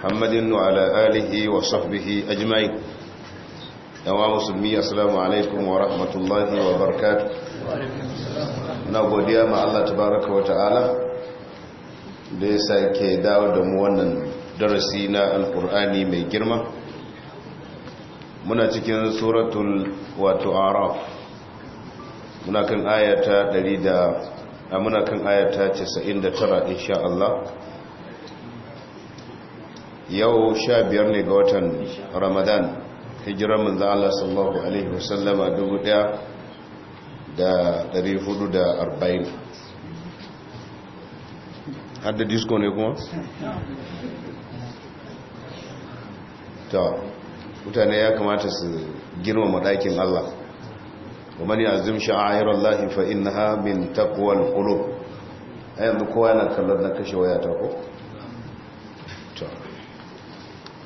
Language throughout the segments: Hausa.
محمد وعلى آله وصحبه أجمعين yawa musulmi السلام alaikum wa الله wa نبو ديام godiya ma Allah tabaraka wa ta'ala da ya sake dawo da mu wannan darasi na alkur'ani mai girma muna cikin suratul wato araf muna kan ayata 100 muna kan ayata 99 insha Allah yau sha biyar ne ga watan ramadan hijiran manzan Allah sallallahu Alaihi wasallama dubu daya da dari hudu da arba'in hadda disko ne kuma? ta mutane ya kamata su girmama ɗakin Allah kuma ne azim sha'airar Allah fa'in na min takwal kulo a yanzu kowa yana kallon na kashe waya ta ko?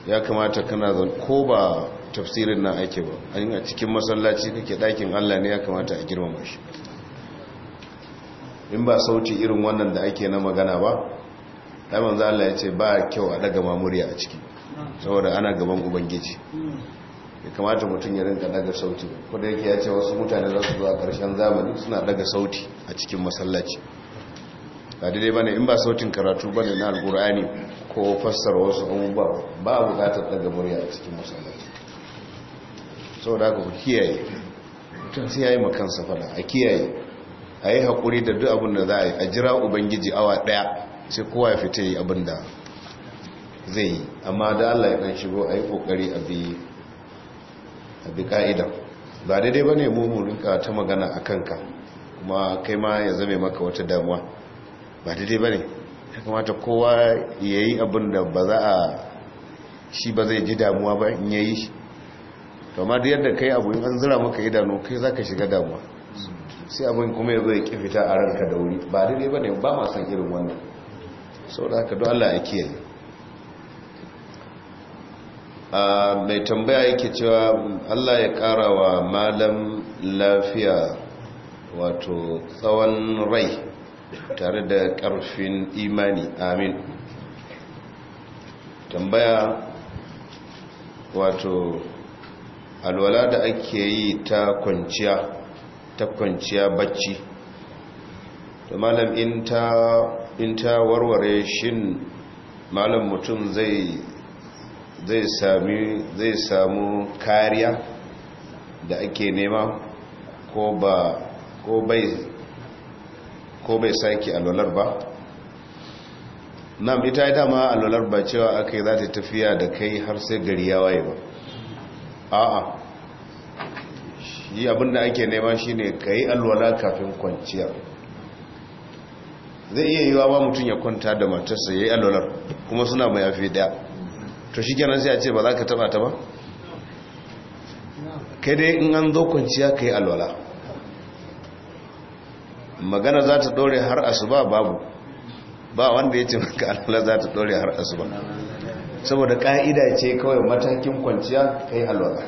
ya kamata kana zan ko ba tafsirin nan ake ba an a cikin masallaci kake dakin allah ne ya kamata a girmama shi in ba sauti irin wannan da ake na magana ba ɗaman za allah ya ce ba kyau a daga mamuriya a ciki saboda ana gaban ubangiji ya kamata mutum ya rinka daga sauti ko da ya ce wasu mutane za su a karshen zamani suna daga sauti a cikin masallaci ba daidai bane in ba sautin karatu bane na alkur'ani ko fassara wasu abubuwa ba a bukatar daga murya a cikin musallaci saboda ku kiyaye mutum sai yayi makansa fada a kiyaye a yi haƙuri da duk abin da za a yi a jira ubangiji awa ɗaya sai kowa ya fita yi abin da zai yi amma da allah ya ɗan shigo a yi ƙoƙari a bi ka'ida ba daidai ba ne mummuninka ta magana a ka kuma kai ma ya zame maka wata damuwa ba daidai ba ne ya kamata kowa ya yi abin da ba za a shi ba zai ji damuwa ba in ya yi shi kama da yadda kai abu in zira maka idanu kai za ka shiga damuwa sai abin kuma ya zai ya ƙi fita a ranka da wuri ba daidai ba ne ba ma san irin wannan sau da haka don allah ya kiyaye mai tambaya yake cewa allah ya ƙara wa malam lafiya wato tsawon rai tare da ƙarfin imani amin tambaya wato alwala da ake yi ta kwanciya ta kwanciya bacci to malam in ta warware shin malam mutum zai zai sami zai samu kariya da ake nema ko ba ko bai ko bai sake alwalar ba nam ita dama alwalar ba cewa aka yi za ta tafiya da kai har sai gari ya waye ba a'a shi abinda ake nema shine ka yi alwala kafin kwanciya zai iya yiwa ba mutum ya kwanta da matarsa ya yi alwalar kuma suna mai yafi daya to shi kenan sai a ce ba za ka taba ta ba kai dai in an zo kwanciya ka yi alwala magana za ta dore har asuba babu ba wanda ya ce maka alwala za ta dore har asuba saboda ka'ida ce kawai matakin kwanciya kai alwala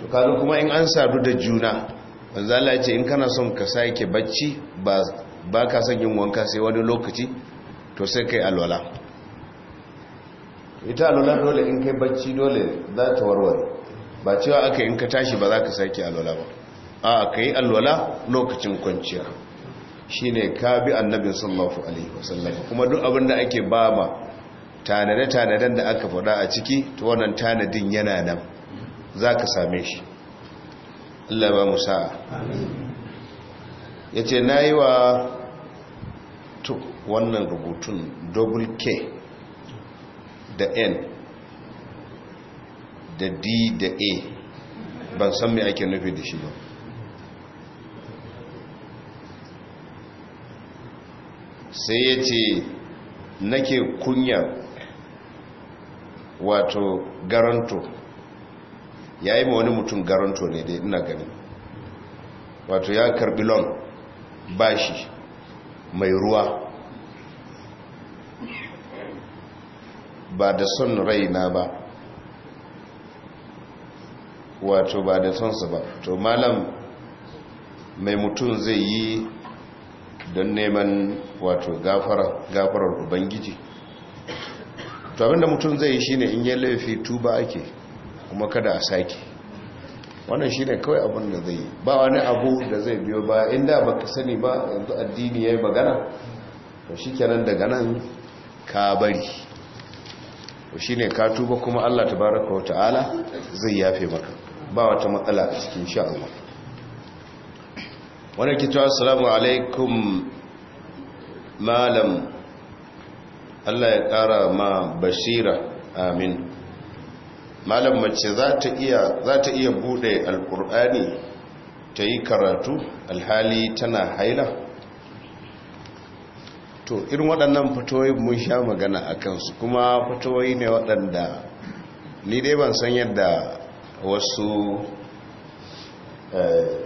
to kano kuma in an sadu da juna manzo ya ce in kana son ka sake bacci ba ka son yin wanka sai wani lokaci to sai kai alwala ita alwala dole in kai bacci dole za ta warware ba cewa aka in ka tashi ba za ka sake alwala ba a ka yi alwala lokacin kwanciya shi ne ka bi Annabi sallallahu alaihi wasallam kuma duk abin da ake ba ma tanade-tanaden da aka faɗa a ciki ta wannan tanadin yana nan za ka same shi Allah ba mu sa'a ya ce na yi wa tuk wannan rubutun double k da n da d da a ban san mai ake nufi da shi ba sai ya ce nake kunya wato garanto ya yi ma wani mutum garanto ne dai ina gani wato ya karbi lon bashi mai ruwa ba da son raina ba wato ba da sonsa ba to malam mai mutum zai yi don neman wato gafarar ubangiji to abinda mutum zai yi ne in yi laifi tuba ake kuma kada a sake wannan shi ne kawai abin da zai yi ba wani abu da zai biyo ba inda ba ka sani ba yanzu addini ya yi magana ba shi kenan daga nan ka bari ba shi ne ka tuba kuma allah ta wa ta'ala zai yafe maka ba wata matsala cikin sha'awar wani kito assalamu alaikum malam Allah ya ƙara ma Bashira, amin malam mace za ta iya buɗe bude alkur'ani ta yi karatu alhali tana haila to irin waɗannan fitoyi mun sha magana a kansu kuma fitoyi ne waɗanda ni dai ban san yadda wasu eh,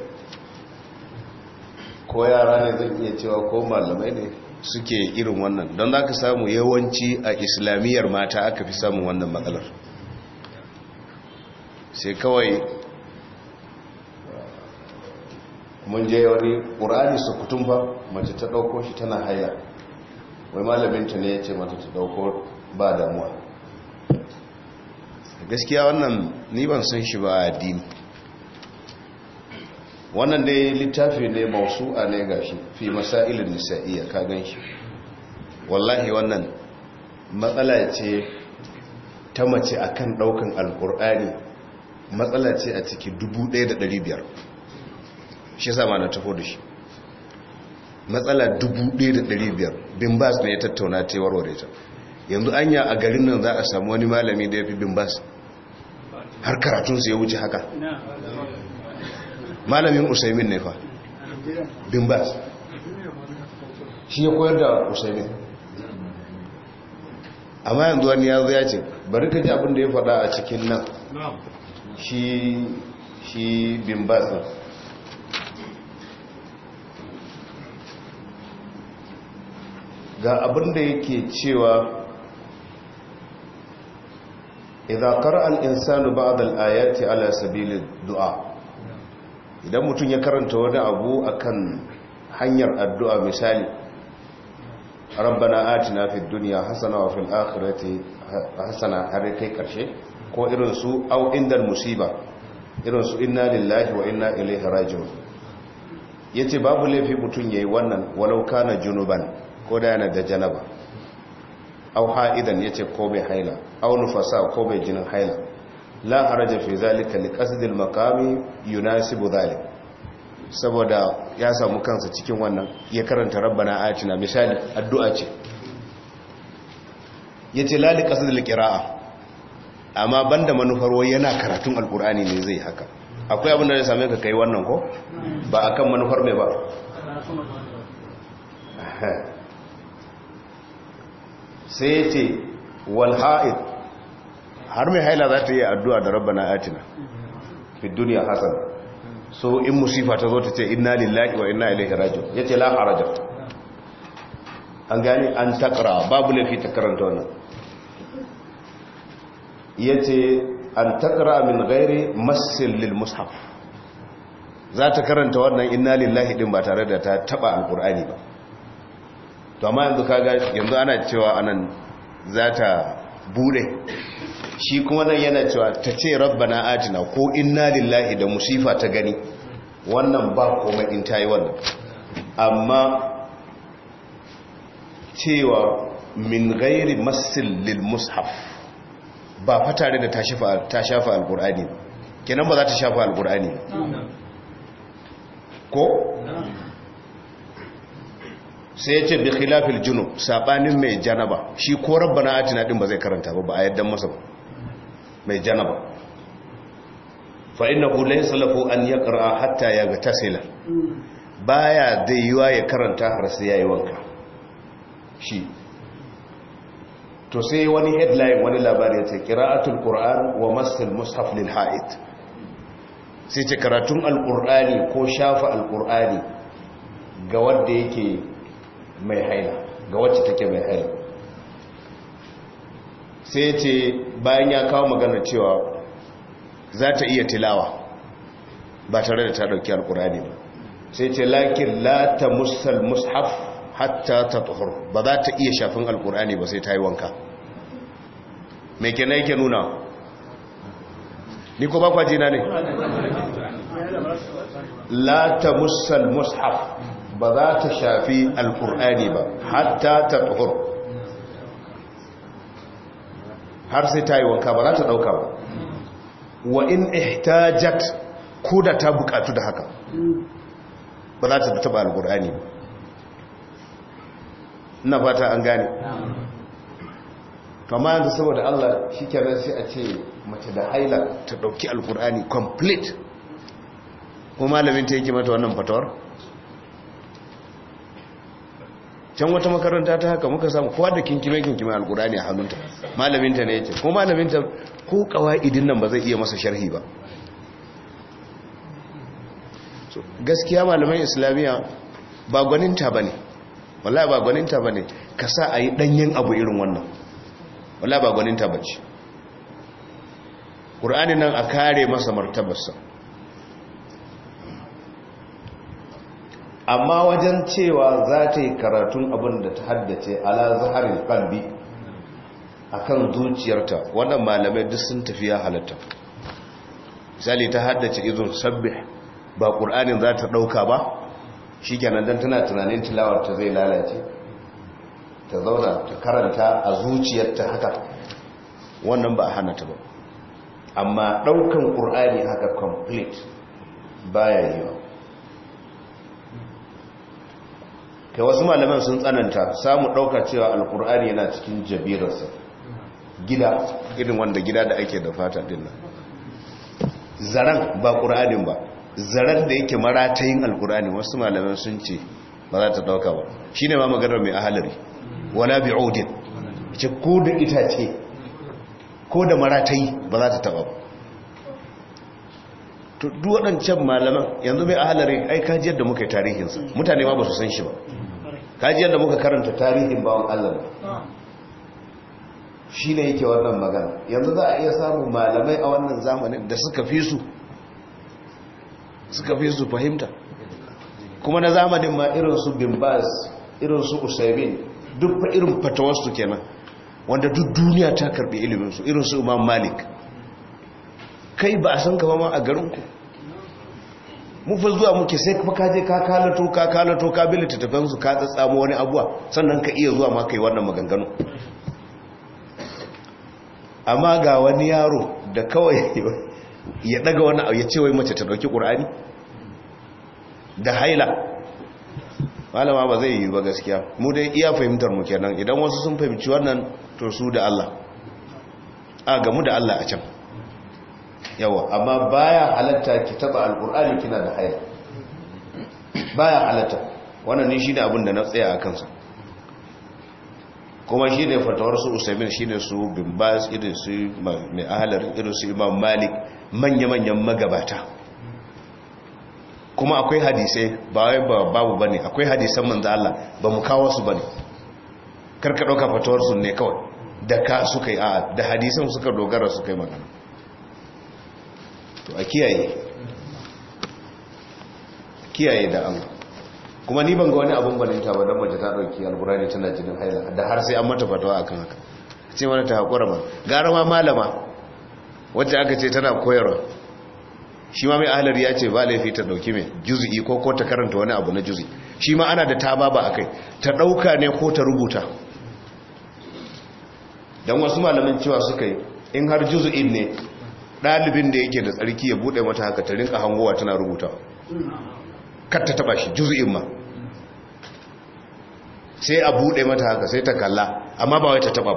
ko yara ne zan iya cewa ko malamai ne suke irin wannan don za ka samu yawanci a islamiyyar mata aka fi samun wannan matsalar sai kawai mun je wani ƙurani su kutum ba mace ta ɗauko shi tana haya wai malaminta ne ya ce mata ta ɗauko ba damuwa gaskiya wannan ni ban san shi ba a addini wannan dai littafi ne mausu a ne gashi fi masailin nisa'iyya ka ganshi wallahi wannan matsala ce ta mace akan daukan alkur'ani matsala ce a ciki 1500 shi sama na tafi da shi matsala 1500 bin bas ne ya tattauna ta warware ta yanzu anya a garin nan za a samu wani malami da ya fi bin bas har karatunsa ya wuce haka malamin usaimin ne fa bin shi ya koyar da usaimin amma yanzu wani ya zo ce bari ka ji abin da ya faɗa a cikin nan shi bin bas ga abin da yake cewa idza kar al-insanu ba'd ayati ala sabili du'a idan mutum ya karanta wani abu a kan hanyar addu'a misali rabbana atina fi duniya hasana wa fil akhirati hasana har kai karshe ko irin su au indal musiba irin su inna lillahi wa inna ilaihi raji'un yace babu laifi mutun yayi wannan walauka na junuban ko da yana da janaba au ha'idan yace ko bai haila au nufasa ko bai jinin haila la haraja fi zalika li qasdil maqami yunasibu zalik saboda ya samu kansa cikin wannan ya karanta rabbana ayatina misali addu'a ce yace la li qasdil qira'a amma banda manufar wai yana karatun alqur'ani ne zai haka akwai abin da ya same ka kai wannan ko ba akan manufar mai ba sai ce wal ha'id har mai haila za ta yi addu'a da Rabba na atina fi duniya hasan so in musifa ta zo ta ce inna lillahi wa inna ilaihi raji'un ya ce haraja an gani an takara. babu laifi ta karanta wannan Ya ce an takara min gairi masin lil mushaf za ta karanta wannan inna lillahi din ba tare da ta taba alqur'ani ba to amma yanzu kaga yanzu ana cewa anan za ta bude shi kuma nan yana cewa ta ce rabbana ajina ko inna lillahi da musifa ta gani wannan ba komai in ta yi wannan amma cewa min gairi masil lil mushaf ba fatare da ta shafa alkur'ani kenan ba za ta shafa alkur'ani ko sai ya ce bi khilafil junub sabanin mai janaba shi ko rabbana atina din ba zai karanta ba ba a yadda masa ba mai janaba fa hu laysa lahu an yaqra hatta yaghtasila baya da yuwa ya karanta har sai yayi wanka shi to sai wani headline wani labari ya ce qira'atul qur'an wa masal mushaf lil ha'id sai ce karatun alqur'ani ko shafa alqur'ani ga wanda yake mai haila ga wacce take mai haila sai ce bayan ya kawo maganar cewa za ta iya tilawa ba tare da ta ɗauki alkurani ba sai ce lakin la ta musal mushaf hatta ta tuhur ba za ta iya shafin alkurani ba sai ta yi wanka mai kena yake nuna ni ko ba kwajina ne la ta musal mushaf ba za ta shafi alkur'ani ba hatta ta tuhur har sai ta yi wanka ba za ta ɗauka ba wa in ihtajat ko da ta bukatu da haka ba za ta taɓa alkur'ani ba ina fata an gane kama yanzu saboda allah shi kenan sai a ce mace da haila ta ɗauki alkur'ani complete ko malamin ta yake mata wannan fatawar can wata makaranta ta haka muka samu kowa da kinkime kinkime ne a hannunta malaminta ne yake ko malaminta ko kawaidin nan ba zai iya masa sharhi ba gaskiya malaman islamiyya ba gwaninta ba ne wala ba gwaninta ba ne ka sa a yi ɗanyen abu irin wannan wala ba gwaninta ba ce ƙur'ani nan a kare masa martabarsa amma wajen cewa za ta yi karatun abin da ta haddace ala zaharin kalbi a kan zuciyarta wannan malamai duk sun tafiya halatta misali ta haddace izon sabbi ba ƙur'anin za ta ɗauka ba shi kenan don tana tunanin tilawar ta zai lalace ta zauna ta karanta a zuciyarta haka wannan ba a hana ta ba amma ɗaukan ƙur'ani haka complete baya yiwa kai wasu malaman sun tsananta samu ɗauka cewa alkur'ani yana cikin jabirarsa gida irin wanda gida da ake da fata dinnan zaren ba ƙur'anin ba zaren da yake maratayin alkur'ani wasu malaman sun ce ba za ta ɗauka ba shi ne ma maganar mai ahalari wala bi odin ce ko da itace ko da maratayi ba za ta taɓa ba duk waɗancan malaman yanzu mai ahalari aikajiyar da muka yi tarihinsa mutane ma ba su san shi ba kaji yadda muka karanta tarihin bawan Allah shi ne yake wannan magana yanzu za a iya samun malamai a wannan zamanin da suka fi su suka fi su fahimta kuma na zamanin ma irin su bimbas irin su usaimin duk fa irin fatawarsu kenan wanda duk duniya ta karbi iliminsu irin su imam malik kai ba a san kama ma a garinku mu fa zuwa muke sai kuma ka je ka kalato ka kalato ka bi littattafan su ka tsatsamo wani abuwa sannan ka iya zuwa ma kai wannan maganganu amma ga wani yaro da kawai ya daga wani ya ce wai mace ta dauki qur'ani da haila malama ba zai yi ba gaskiya mu dai iya fahimtar mu kenan idan wasu sun fahimci wannan to su da Allah a gamu da Allah a can yawa amma baya halatta ki taba alqur'ani kina da haya baya halatta wannan ne shine abin da na tsaya a kansa kuma shi ne fatawar su usaimin shi ne su bimbas irin su mai ahalar irin su imam malik manya-manyan magabata kuma akwai hadisai ba wai babu ba ne akwai hadisan manza Allah ba mu kawo su ba ne karka ɗauka fatawar su ne kawai da ka suka yi a da hadisan suka dogara suka yi magana to a kiyaye kiyaye da Allah kuma ni ban ga wani abun balinta ba don mace ta dauki alburani tana jinin haila da har sai an mata fatawa akan haka ce wani ta haƙura ba gara ma malama wacce aka ce tana koyarwa shi ma mai ahalar ya ce ba laifi ta dauki mai juzi'i ko ko ta karanta wani abu na juzi shi ma ana da ta ba a kai ta dauka ne ko ta rubuta don wasu malamin cewa suka yi in har juzi'in ne Dalibin da yake da tsarki ya buɗe mata haka ta rinka hangowa tana rubuta kar ta taba shi juzu'in ma sai a buɗe mata haka sai ta kalla amma ba wai ta taba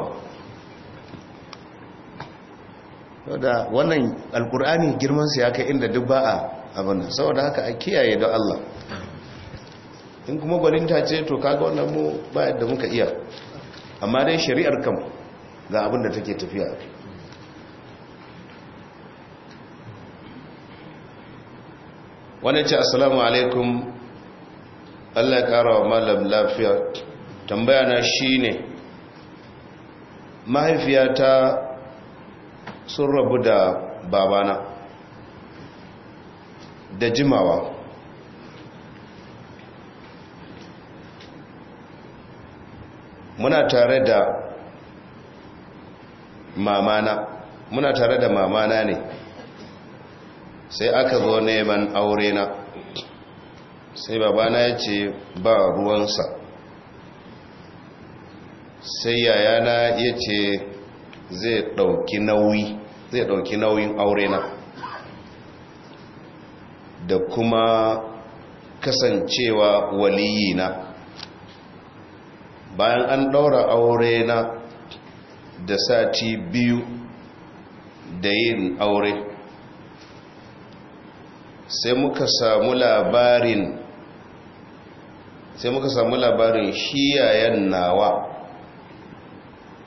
ba da wannan alkur'ani girmansa ya kai inda duk ba a abin saboda haka a kiyaye da Allah in kuma gwaninta ce to kaga wannan mu ba yadda muka iya amma dai shari'ar kam ga abin da take tafiya wani ce asalamu alaikum allah ya kara wa malam lafiya tambaya na shi ne mahaifiyata sun rabu da babana da jimawa muna tare da mamana muna tare da mamana ne sai aka zo neman aure na sai babana ya ce ba ruwansa sai yayana ya ce zai ɗauki nauyi zai ɗauki nauyin aure na da kuma kasancewa waliyi na bayan an ɗaura aure na da sati biyu da yin aure sai muka samu labarin sai muka samu labarin shiyayen nawa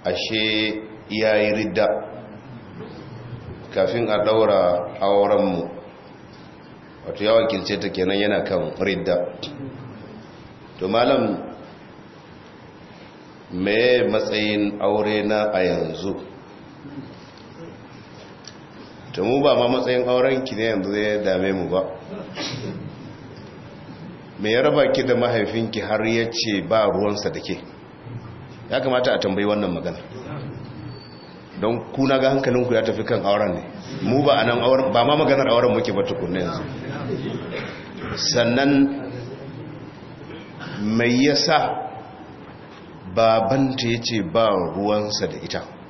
ashe yayi ridda kafin a daura aurenmu wato ya wakilce ta kenan yana kan ridda to malam me matsayin aure na a yanzu ta mu ba ma matsayin auren ki ne yanzu zai dame mu ba me ya raba ki da mahaifinki har ya ce ba ruwansa da ke ya kamata a tambayi wannan magana don kuna ga hankalinku ya tafi kan auren ne mu ba a nan auren ba ma maganar auren muke ba tukunna yanzu sannan mai yasa babanta ya ce ba ruwansa da ita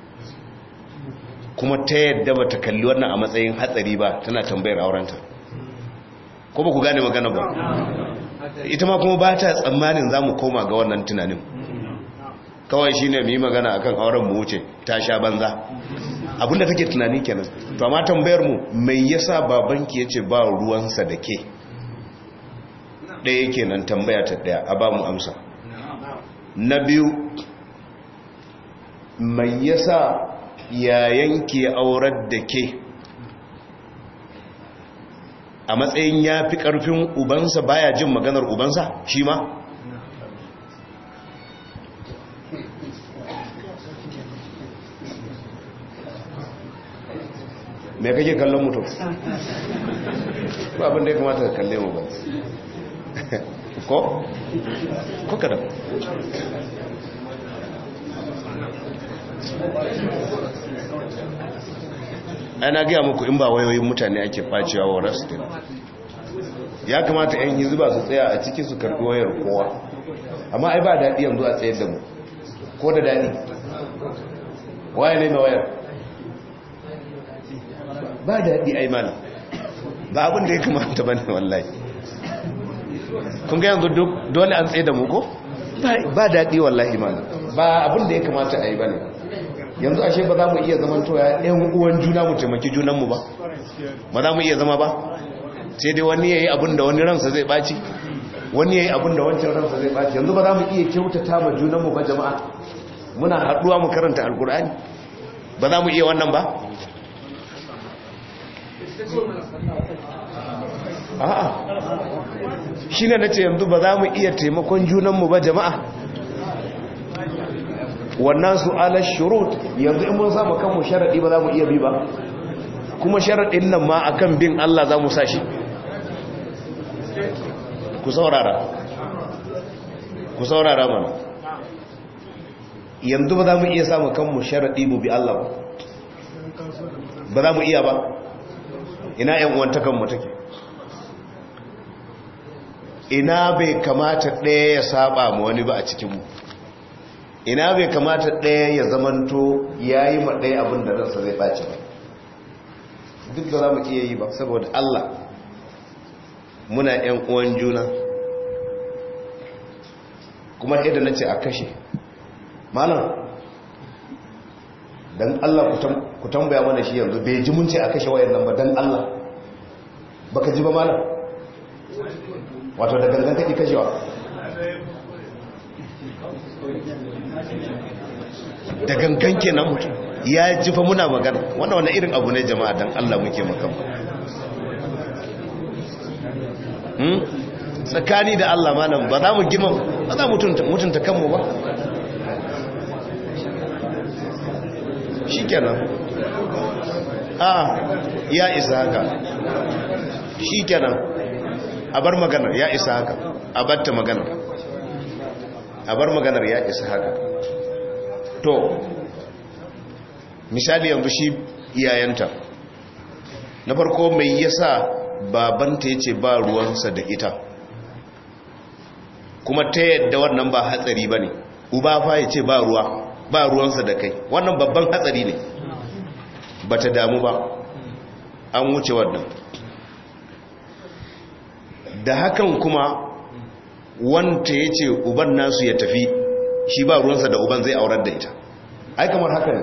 kuma ta yadda ba ta kalli wannan a matsayin hatsari ba tana tambayar aurenta ko ba ku gane magana ba ita ma kuma ba ta tsammanin za mu koma ga wannan tunanin kawai shi ne yi magana a kan auren mu wuce ta sha banza abinda take tunani kenan to amma tambayar mu mai yasa babanki ya ce ba ruwansa da ke ɗaya kenan tambaya ta ɗaya a ba mu amsa na biyu mai yasa yayan ke aurar da ke a matsayin ya fi ƙarfin ubansa baya jin maganar ubansa shi ma mai kake kallon mutum ba da ya kamata ka kalle mu ba ko? ko kada ana gaya muku in ba wayoyin mutane ake facewa wa rastin ya kamata 'yan zuba su tsaya a cikin su karbi wayar kowa amma ai ba daɗi yanzu a tsayar da mu ko da daɗi waye ne mai wayar ba daɗi ai mana ba abin da ya kamata ba ne wallahi kun ga yanzu dole an tsaye da mu ko ba daɗi wallahi mana ba abin da ya kamata a yi ba ne yanzu ashe ba za mu iya zaman toya ɗan uwan juna mu taimaki junanmu ba ba za mu iya zama ba sai dai wani ya yi abin da wani ransa zai ɓaci wani ya yi abin da wancan ransa zai ɓaci yanzu ba za mu iya kyautata ma junanmu ba jama'a muna haɗuwa mu karanta alkur'ani ba za mu iya wannan ba a'a shi ne na ce yanzu ba za mu iya taimakon junanmu ba jama'a wannan su ala shurut yanzu in mun samu kanmu sharaɗi ba za mu iya bi ba kuma sharaɗin nan ma akan bin Allah za mu sa shi ku saurara ku saurara mana yanzu ba za mu iya samu kanmu sharaɗi mu bi Allah ba ba za mu iya ba ina yan uwanta kanmu take ina bai kamata ɗaya ya saba mu wani ba a cikinmu ina bai kamata ɗaya ya zamanto ya yi maɗaya abin da ransa zai ɓace ba duk da za mu iya yi ba saboda allah muna 'yan uwan juna kuma yadda na ce a kashe malam don allah ku tambaya mana shi yanzu bai ji mun ce a kashe wayan nan ba don allah baka ji ba malam wato da gangan kake kashewa da gangan kenan mutum ya jifa muna magana wannan wani irin abu ne jama'a don Allah muke makam hmm? tsakani da Allah malam ba za mu gima ba za mutunta kanmu ba shi kenan a ya isa haka shi kenan a bar maganar ya isa haka a batta maganar a bar maganar ya isa haka to misali yanzu shi iyayenta na farko mai yasa babanta ya ce ba ruwansa da ita kuma ta yadda wannan ba hatsari ba ne uba fa ya ce ba ruwa ba ruwansa da kai wannan babban hatsari ne ba ta damu ba an wuce wannan da hakan kuma wanta ya ce uban nasu ya tafi shi ba ruwansa da uban zai aurar da ita ai kamar haka ne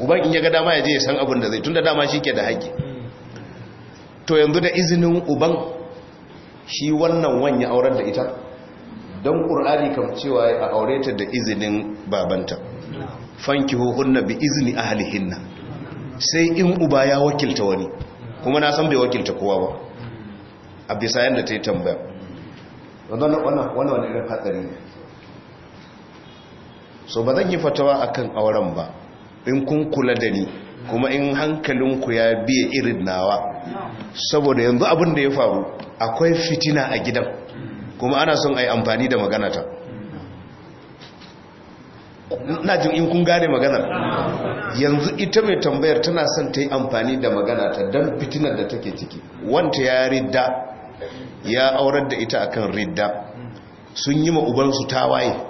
uban in ya ga dama ya je ya san abin da zai tunda dama shi ke da haƙƙi to yanzu da izinin uban shi wannan ya aurar da ita don ƙur'ani kam cewa a aure ta da izinin babanta fanki hunna bi izini ahlihinna sai in uba ya wakilta wani kuma na san bai wakilta kowa ba a bisa yadda ta yi tambaya wannan wani irin hatsari ne so ba zan yi fatawa akan auren ba in kun kula da ni kuma in hankalinku ya biye irin nawa saboda yanzu abin da ya faru akwai fitina a gidan kuma ana son a yi amfani da maganata na jin in kun gane maganar yanzu ita mai tambayar tana son ta yi amfani da maganata don fitinar da take ciki wanta ya ridda ya aurar da ita akan ridda sun yi ma ubansu tawaye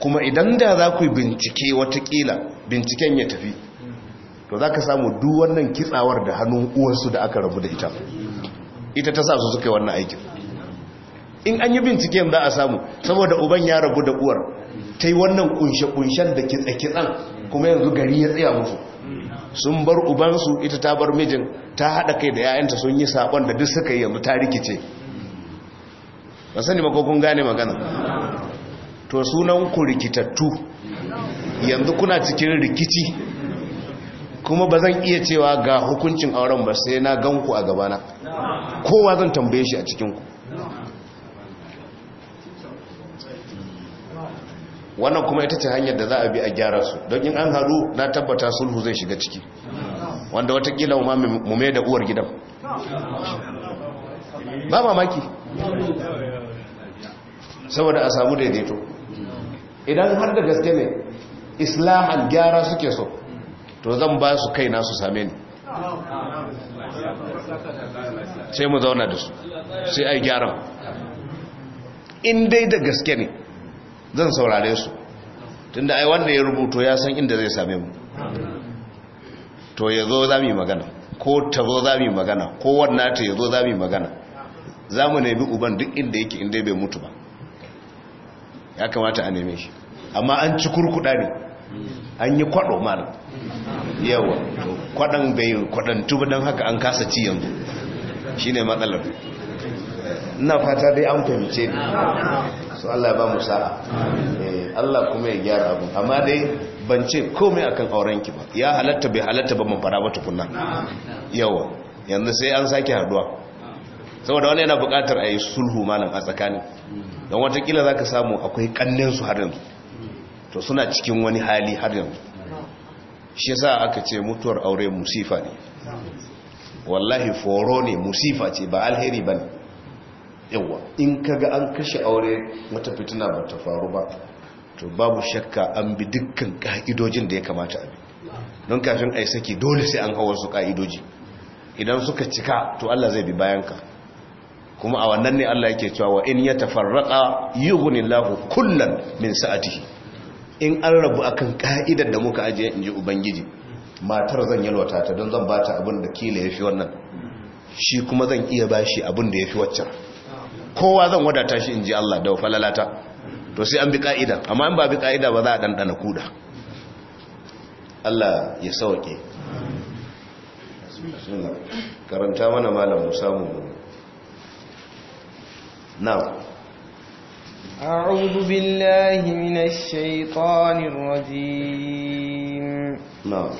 kuma idan da za ku bincike watakila binciken ya tafi to za ka samu duk wannan kitsawar da hannun uwarsu da aka rabu da ita ita ta sa su suka wannan aikin in an yi binciken za a samu saboda uban ya rabu da uwar ta yi wannan kunshe-kunshen da kitse-kitsen, kuma yanzu gari ya tsaya musu sun bar ubansu ita ta bar mijin ta haɗa kai da 'ya'yanta sun yi saƙon da duk suka yi yanzu ta rikice ba sani ba ko kun gane magana to sunan ku rikitattu yanzu kuna cikin rikici kuma ba zan iya cewa ga hukuncin auren ba sai na gan ku a gabana kowa zan tambaye shi a cikinku wannan kuma ita ce hanyar da za a bi a gyara su don in an haɗu na tabbata sulhu zai shiga ciki wanda watakila ma mume da uwar gidan ba mamaki saboda a samu daidaito idan har da gaske ne islamar gyara suke so to zan ba su kaina su same ni sai mu zauna da su sai ai gyara in dai da gaske ne zan saurare su tunda ai wanda ya rubuto ya san inda zai same mu to ya zo za mu magana ko ta zo za mu magana ko wannan ta ya zo za mu magana za mu nemi uban duk inda yake inda bai mutu ba ya kamata a neme shi amma an ci kurkuda ne an yi kwado mana yawa kwadon bai kwadantu don haka an kasa ci yanzu shi ne matsalar ina fata dai an fahimce ne su Allah ba mu eh, Allah kuma ya gyara abu amma dai ban ce komai akan aurenki ba ya halatta bai halatta ba mafara fara ba tukunna yawa yanzu sai an sake haduwa saboda wani yana bukatar a yi sulhu malam a tsakani don watakila za ka samu akwai kannensu har yanzu to suna cikin wani hali har yanzu shi za aka ce mutuwar aure musifa ne wallahi foro ne musifa ce ba alheri ba ne yawa in kaga an kashe aure wata fitina ba ta faru ba to babu shakka an bi dukkan ka'idojin da ya kamata a bi don kafin a yi saki dole sai an hawar su ka'idoji idan suka cika to Allah zai bi bayan ka. kuma a wannan ne Allah yake cewa wa in ya yi yughni lahu kullan min sa'atihi in an rabu akan ka'idar da muka ajiye in ji ubangiji matar zan yi ta don zan bata abin da kila fi wannan shi kuma zan iya bashi abin da ya fi waccan kowa zan wadata shi in ji Allah da falalata to sai an bi ka'ida amma in ba bi ka'ida ba za a dandana kuda Allah ya sauke karanta mana malam mu samu na أعوذ بالله من الشيطان الرجيم نعم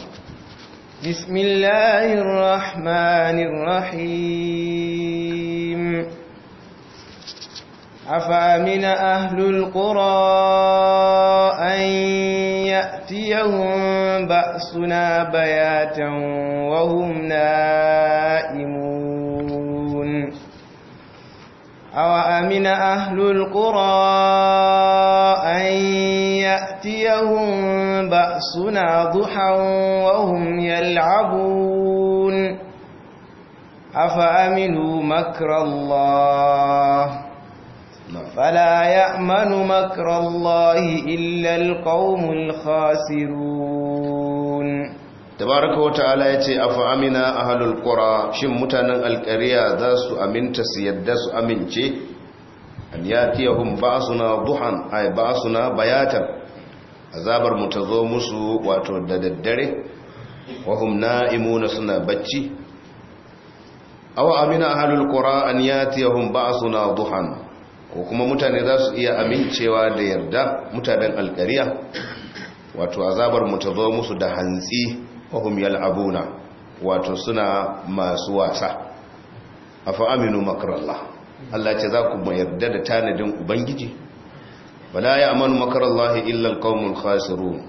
بسم الله الرحمن الرحيم أفأمن أهل القرى أن يأتيهم بأسنا بياتا وهم نائمون أوأمن أهل القرى أن يأتيهم بأسنا ضحى وهم يلعبون أفأمنوا مكر الله فلا يأمن مكر الله إلا القوم الخاسرون tabaraka wa ta'ala ya ce afa amina ahalul kura, shin mutanen Alkariya za su aminta su yadda su amince an yatiyahum ba'suna duhan su na bayatan azabar mu ta zo musu wato da daddare wa na imuna suna bacci awa amina ahalul kura an su na duhan ko kuma mutane za su iya amincewa da yarda mutanen alkariya wato azabar mu ta zo musu da hantsi wahum yal'abuna wato suna masu wasa a fa’aminu makarallah Allah ce za ku mu yarda da tanadin ubangiji bala ya amanu makrallah illa kawun khasirun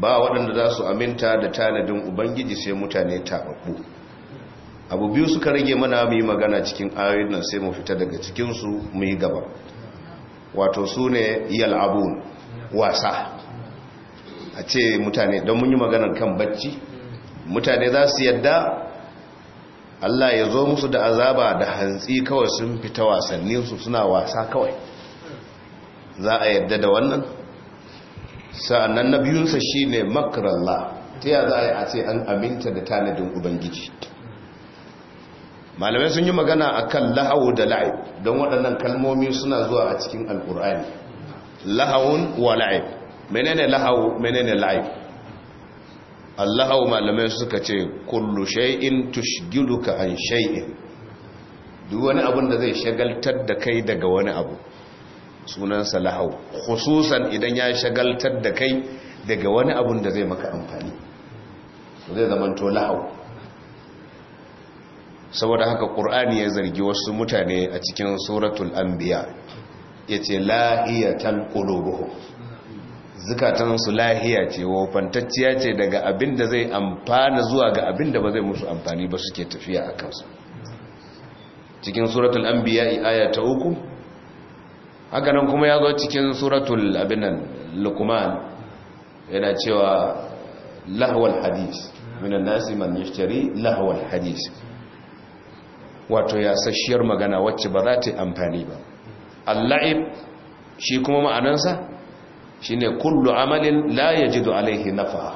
ba waɗanda za su aminta da tanadin ubangiji sai mutane tababbu abu biyu suka rage mana mu magana cikin ayoyin nan sai mu fita daga cikinsu su mu yi gaba wato su ne yal'abun wasa a ce mutane don mun yi maganar kan bacci mutane za su yadda Allah ya zo musu da azaba da hantsi kawai sun fita wasanninsu suna wasa kawai za a yadda da wannan sa'annan na biyunsa shi ne makaralla. ta yi za a ce an aminta da tanadin ubangiji malamai sun yi magana a kan la'awu da la'ib don waɗannan kalmomi suna zuwa a cikin al'ur'ani la'awun wa la'ib menene la'awu menene la'ib Allah malamai suka ce kullu shay'in tushgiluka an shay'in duk wani abu da zai shagaltar da kai daga wani abu sunansa lahau khususan idan ya shagaltar da kai daga wani abu da zai maka amfani zai zamanto lahau saboda haka ƙur'ani ya zargi wasu mutane a cikin suratul anbiya yace lahiyatan qulubuhum su lahiya ce wofantacciya ce daga abin da zai amfana zuwa ga abin da ba zai musu amfani ba suke tafiya a kansu cikin suratul anbiya aya ta uku haka nan kuma ya zo cikin suratul abinan lukman yana cewa lahawal hadis minan nasi man yashtari lahawal hadis wato ya sashiyar magana wacce ba za ta amfani ba allaib shi kuma ma'anansa ne kullu amalin la ya yajidu alaihi nafa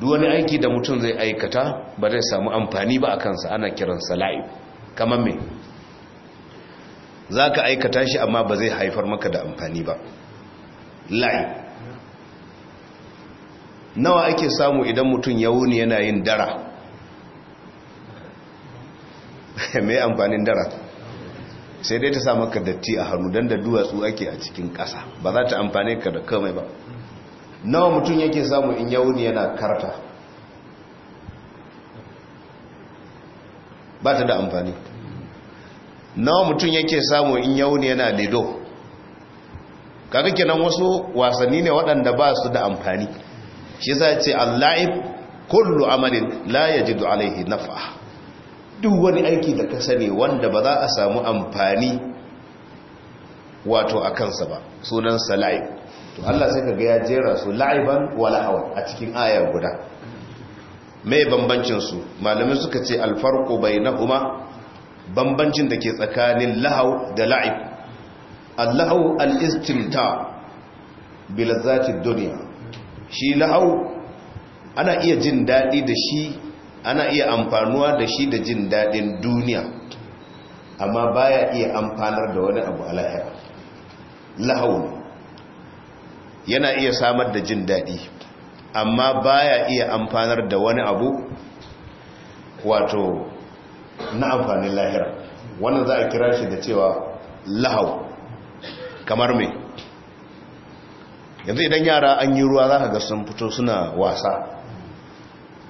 duk wani aiki da mutum zai aikata ba zai samu amfani ba a kansa ana kiransa la'ib kamar me za ka aikata shi amma ba zai haifar maka da amfani ba la'i nawa ake samu idan mutum ya wuni yana yin dara mai amfanin dara sai dai ta sa maka datti a hannu don da duwatsu ake a cikin ƙasa ba za ta amfani ka da kamai ba nawa mutum yake samu in ne yana karta ba ta da amfani nawa mutum yake samu in ne yana lido kaga kenan wasu wasanni ne waɗanda ba su da amfani shi za ce allaib kullu amalin la ya yajidu alaihi fa'a. duk wani aiki da ka sani wanda ba za a samu amfani wato a kansa ba sunan sala'ib to Allah sai kaga ya jera su la'iban wala hawa a cikin aya guda mai bambancin su malamin suka ce alfarqu bainahuma bambancin da ke tsakanin lahaw da la'ib allahu al-istimta bil zati dunya shi lahaw ana iya jin dadi da shi ana iya amfanuwa da shi da jin daɗin duniya amma baya iya amfanar da wani abu a lahira yana iya samar da jin daɗi amma baya iya amfanar da wani abu wato na amfanin lahira wannan za a kira shi da cewa lahau kamar mai yanzu idan yara an yi ruwa za ka ga sun fito suna wasa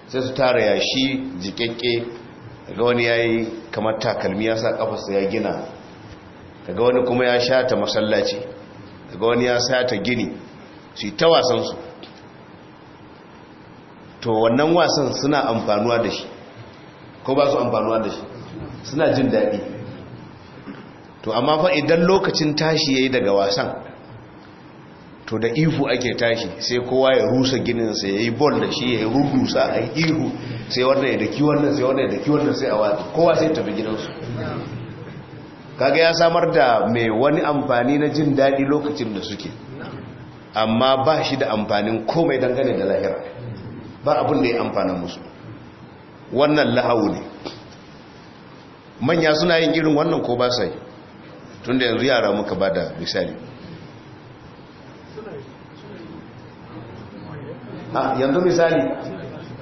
sai su tara yashi jikakke daga wani ya yi kamar takalmi ya sa kafasta ya gina daga wani kuma ya sha ta masallaci daga wani ya ta gini su yi ta wasansu to wannan wasan suna amfanuwa da shi ko ba su amfanuwa da shi suna jin daɗi to amma fa idan lokacin tashi ya yi daga wasan to da ihu ake tashi sai kowa ya rusa ginin sai ya yi bol da shi ya yi sa a ihu sai wannan ya daki wannan sai wannan ya daki wannan sai a wata kowa sai tafi gidansu kaga ya samar da mai wani amfani na jin daɗi lokacin da suke amma ba shi da amfanin komai dangane da lahira ba abin da ya amfana musu wannan lahawu ne manya suna yin irin wannan ko ba sai tun da yanzu yara muka ba da misali yanzu misali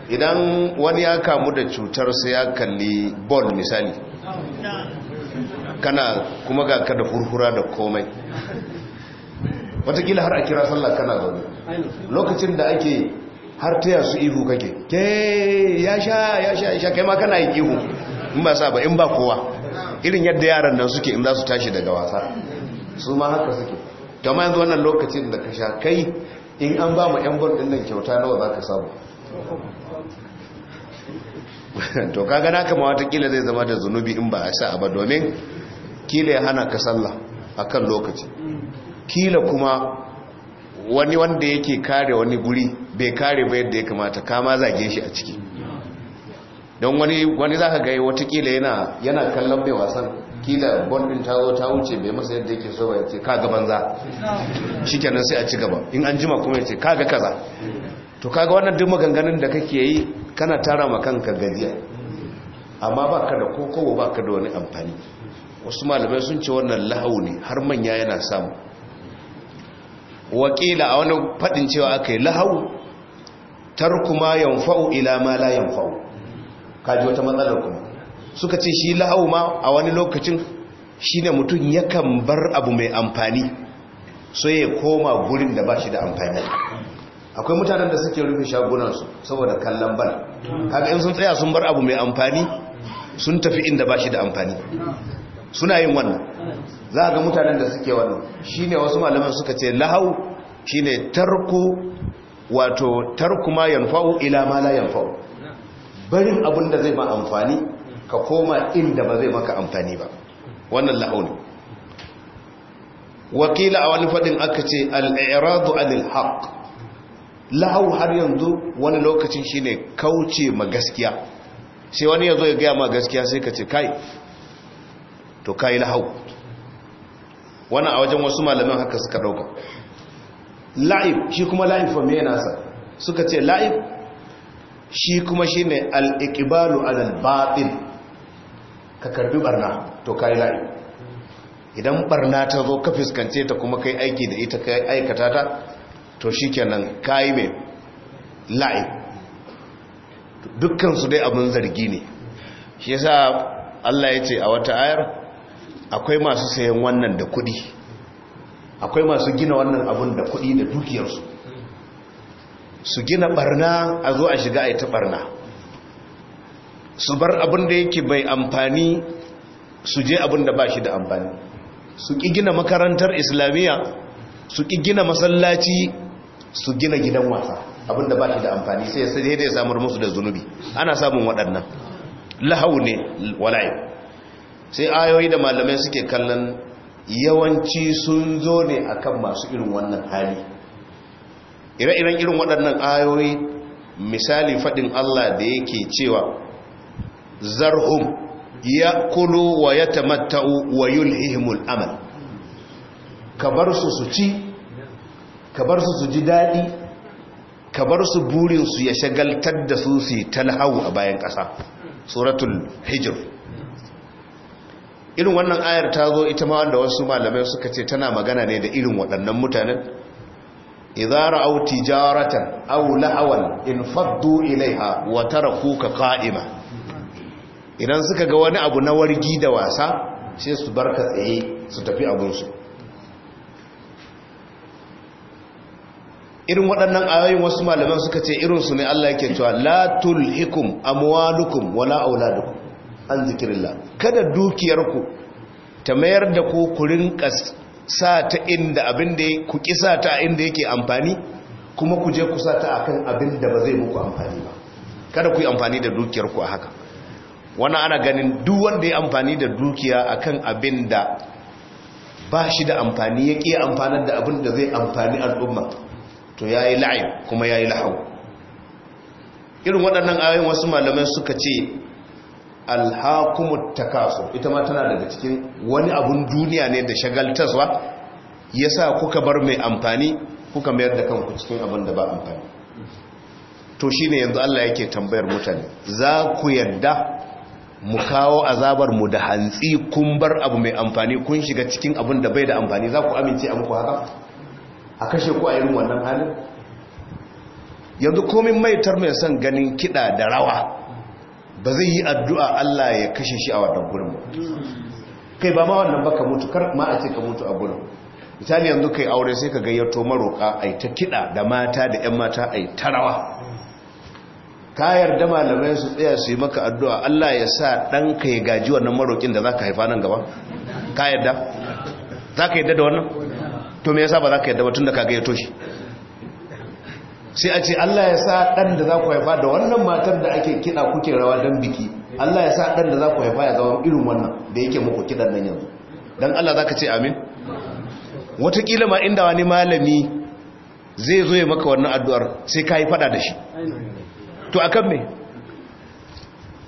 idan wani ya kamu da cutar sai ya kalli ball misali kana kuma ga kada furfura da komai watakila har a kira sallah kana zaune lokacin da ake har taya su ihu kake ke ya sha ya sha ya sha kai ma kana yin ihu in ba sa ba in ba kowa irin yadda yaran nan suke in za su tashi daga wasa su ma haka suke to yanzu wannan lokacin da ka sha kai in an ba mu 'yan bol nan kyauta nawa za ka samu to kaga naka ma watakila zai zama da zunubi in ba a sa ba domin kila ya hana ka sallah kan lokaci kila kuma wani wanda yake kare wani guri bai kare ba yadda ya kamata kama zage shi a ciki don wani za ka ga watakila yana yana kallon mai wasan kila bondin ta zo ta wuce bai masa yadda yake so ba yace kaga banza shi kenan sai a ci gaba in an jima kuma yace kaga kaza to kaga wannan duk maganganun da kake yi kana tara ma kanka gajiya amma baka da kokowa ba baka da wani amfani wasu malamai sun ce wannan lahau ne har manya yana samu wakila a wani faɗin cewa aka yi lahau tarkuma yanfa'u ila ma la yanfa'u kaji wata matsalar kuma suka ce shi lahau ma a wani lokacin shi ne mutum yakan bar abu mai amfani so ya koma gurin da ba shi da amfani akwai mutanen da suke rufe shagunansu saboda kallon bal Haka in sun tsaya sun bar abu mai amfani sun tafi inda ba shi da amfani suna yin wannan za a ga mutanen da suke wannan shi ne wasu malaman suka ce lahau shi ne tarko wato tarku ma yanfa'u ila ma la yanfa'u barin abin da zai ma amfani ka koma inda ba zai maka amfani ba wannan la'auni wakila a wani faɗin aka ce al'iradu alil haq la'au har yanzu wani lokacin shine kauce ma gaskiya sai wani ya zo ya gaya ma gaskiya sai ka ce kai to kai lahau wannan a wajen wasu malamin haka suka ɗauka la'ib shi kuma la'ib fa mai nasa suka ce la'ib shi kuma shi ne al'ikibalu alal baɗin ka karbi barna to ka yi la'i idan barna ta zo ka fuskance ta kuma kai aiki da ita ka aikata ta to shi kenan ka yi mai la'i dukkansu dai abin zargi ne shi yasa allah ya ce a wata ayar akwai masu sayan wannan da kudi akwai masu gina wannan abin da kudi da dukiyarsu su gina barna a zo a shiga a yi ta barna su bar abin da yake bai amfani su je abin da ba shi da amfani su ƙi gina makarantar islamiyya su ƙi gina masallaci su gina gidan wasa abin da ba shi da amfani sai ya sai ya samar musu da zunubi ana samun waɗannan lahau ne wala'i sai ayoyi da malamai suke kallon yawanci sun zo ne akan masu irin wannan hali ire-iren irin waɗannan ayoyi misali faɗin Allah da yake cewa zarhum ya kulu wa ya tamatta'u wa yulhihimul amal ka bar su su ci ka su su ji daɗi ka bar su burinsu ya shagaltar da su su yi a bayan ƙasa suratul hijir irin wannan ayar ta zo ita ma wanda wasu malamai suka ce tana magana ne da irin waɗannan mutanen idara au tijaratan au la'awal in faddu ilaiha wa tarakuka ka'ima idan suka ga wani abu na wargi da wasa sai su barka tsaye su tafi abinsu irin waɗannan ayoyin wasu malaman suka ce irinsu ne Allah yake cewa la tulhikum amwalukum wala auladukum an zikirillah kada dukiyarku ta mayar da ku kurin sa ta inda abin da ku kisa ta inda yake amfani kuma ku je ku sa ta akan abin da ba zai muku amfani ba kada ku yi amfani da dukiyarku a haka Wani ana ganin duk wanda ya amfani da dukiya akan abin da ba shi da amfani ya ƙi amfanar da abin da zai amfani al'umma to ya yi la'ib kuma ya yi lahau irin waɗannan ayoyin wasu malamai suka ce alhakumut takaso ita ma tana daga cikin wani abun duniya ne da shagaltaswa ya sa kuka bar mai amfani kuka mayar da kanku cikin abin da ba amfani to shi ne yanzu allah yake tambayar mutane za ku yadda mu kawo azabar mu da hantsi kun bar abu mai amfani kun shiga cikin abin da bai da amfani za ku amince a muku haka a kashe ku a irin wannan halin yanzu komin maitar mai son ganin kiɗa da rawa ba zai yi addu'a Allah ya kashe shi a wannan gurin kai ba ma wannan ba ka mutu kar ma a ce ka mutu a gurin Italiya yanzu kai aure sai ka gayyato maroka a ta kiɗa da mata da ‘yan mata ai ta rawa ka yarda malamai su tsaya su yi maka addu'a Allah ya sa ɗanka ya gaji wannan marokin da za ka haifa nan gaba ka yarda za ka yarda da wannan to me yasa ba za ka yarda ba tun da ka gaya toshi sai a ce Allah ya sa ɗan da za ku haifa da wannan matar da ake kiɗa kuke rawa don biki Allah ya sa ɗan da za ku haifa ya zama irin wannan da yake muku kiɗan nan yanzu don Allah za ka ce amin Wataƙila ma inda wani malami zai zo ya maka wannan addu'ar sai ka yi fada da shi to akan me